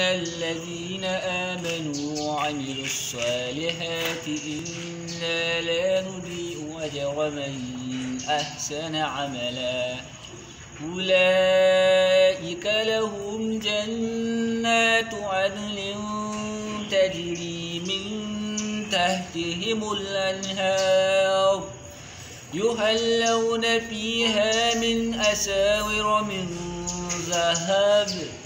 إن الذين آمنوا وعملوا الصالحات إنا لا نضيء أجر من أحسن عملا أولئك لهم جنات عدل تجري من تحتهم الأنهار يهلون فيها من أساور من ذهب